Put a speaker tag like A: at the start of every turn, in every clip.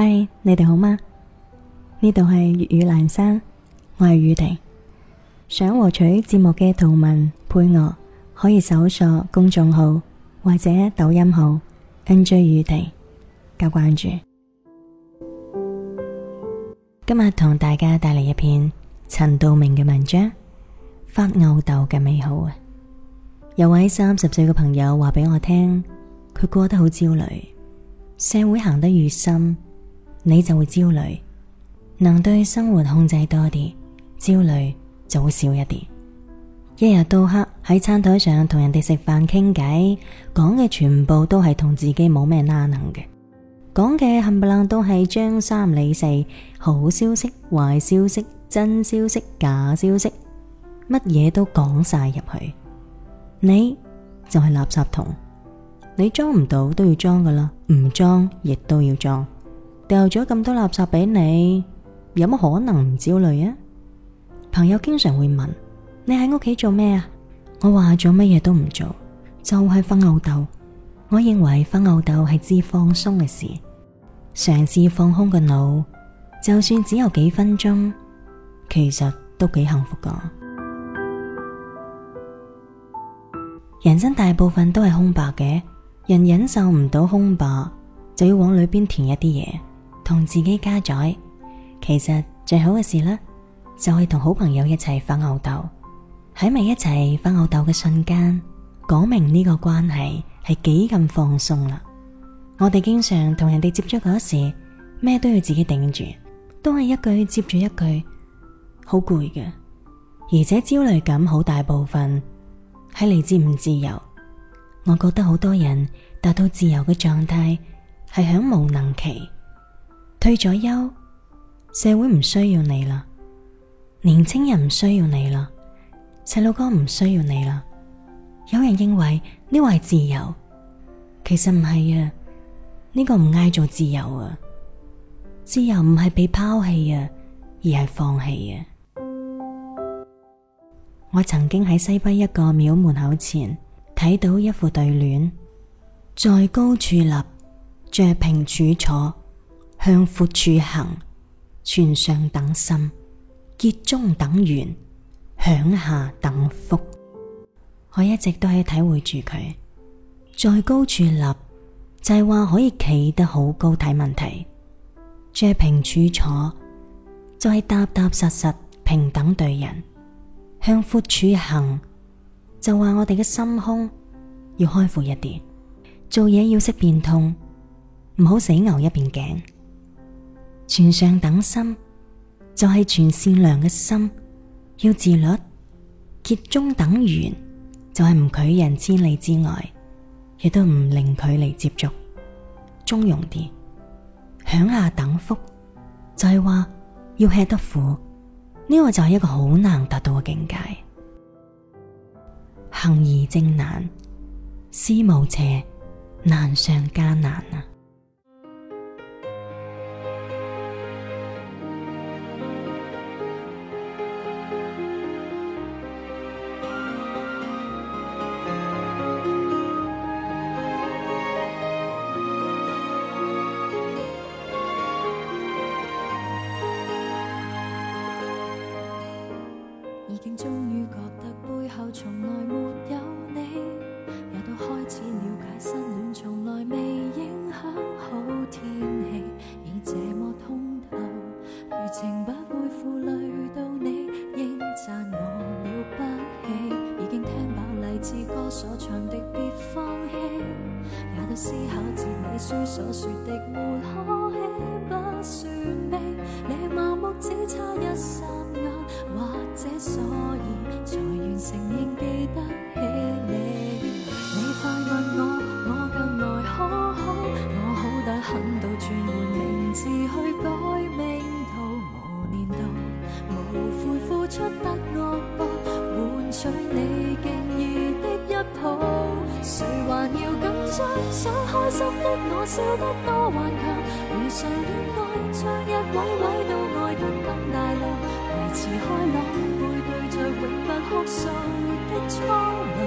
A: 嗨，Hi，你哋好嗎？呢度係粵語闌珊，我係宇婷。想獲取節目嘅圖文配樂，可以搜索公眾號或者抖音號 NJ 宇婷加關注。今日同大家帶嚟一篇陳道明嘅文章《發吽豆嘅美好》啊！有位三十歲嘅朋友話俾我聽，佢過得好焦慮，社會行得越深，你就會焦慮，能對生活控制多啲，焦慮就會少一啲。一日到黑喺餐枱上同人哋食飯傾偈，講嘅全部都係同自己冇咩啦能嘅，講嘅冚唪唥都係張三李四，好消息、壞消息，真消息、假消息，乜嘢都講晒入去。你就係垃圾桶，你裝唔到都要裝㗎喇，唔裝亦都要裝。掉咗咁多垃圾俾你，有乜可能唔焦慮啊？朋友經常會問，你喺屋企做咩啊？我話做乜嘢都唔做，就係發吽斗。我認為發吽斗係至放鬆嘅事。嘗試放空個腦，就算只有幾分鐘，其實都幾幸福噶。人生大部分都係空白嘅，人忍受唔到空白，就要往裏邊填一啲嘢。同自己加載，其實最好嘅事呢，就係、是、同好朋友一齊發吽哣，喺咪一齊發吽哣嘅瞬間，講明呢個關係係幾咁放鬆啦、啊。我哋經常同人哋接觸嗰時，咩都要自己頂住，都係一句接住一句，好攰嘅，而且焦慮感好大部分係嚟自唔自由。我覺得好多人達到自由嘅狀態，係響無能期。退咗休，社會唔需要你啦，年青人唔需要你啦，細路哥唔需要你啦。有人認為呢個係自由，其實唔係啊，呢、這個唔嗌做自由啊，自由唔係被拋棄啊，而係放棄啊。 我曾經喺西北一個廟門口前睇到一副對聯：在高處立，着平處坐。向闊處行，存上等心，結中等緣，享下等福。我一直都喺體會住佢。在高處立，就係話可以企得好高睇問題；在平處坐，就係踏踏實實平等對人。向闊處行，就話我哋嘅心胸要開闊一啲，做嘢要識變通，唔好死牛一邊頸。存上等心就係、是、存善良嘅心，要自律；結中等緣就係、是、唔拒人千里之外，亦都唔零距離接觸，中庸啲。享下等福就係、是、話要吃得苦，呢個就係一個好難達到嘅境界。行而正難，思無邪難上加難啊！
B: 已經終於覺得背後從來沒有你，也都開始了解失戀從來未影響好天氣。已這麼通透，餘情不會負累到你，應讚我了不起。已經聽飽勵志歌所唱的別放棄，也都思考哲理書所說的沒可喜不算悲。好，誰還要緊張？想開心的我笑得多頑強。如常戀愛，像一位位都愛得更大量。維持開朗，背對着永不哭訴的蒼涼，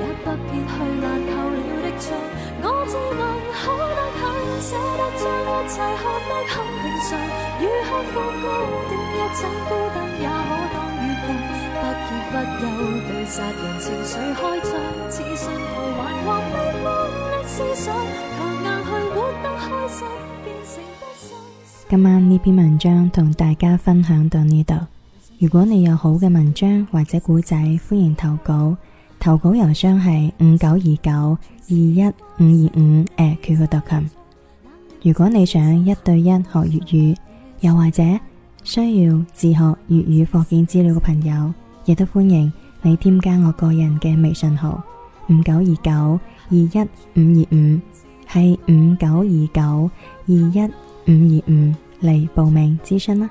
B: 也不必去爛透了的床。我自問好得很，捨得將一切看得很平常。如何過高點一盞孤燈也好。
A: 今晚呢篇文章同大家分享到呢度。如果你有好嘅文章或者古仔，歡迎投稿。投稿郵箱係五九二九二一五二五。誒，QQ 特勤。Com. 如果你想一對一學粵語，又或者需要自學粵語課件資料嘅朋友，亦都歡迎你添加我個人嘅微信號五九二九二一五二五，係五九二九二一五二五嚟報名諮詢啦。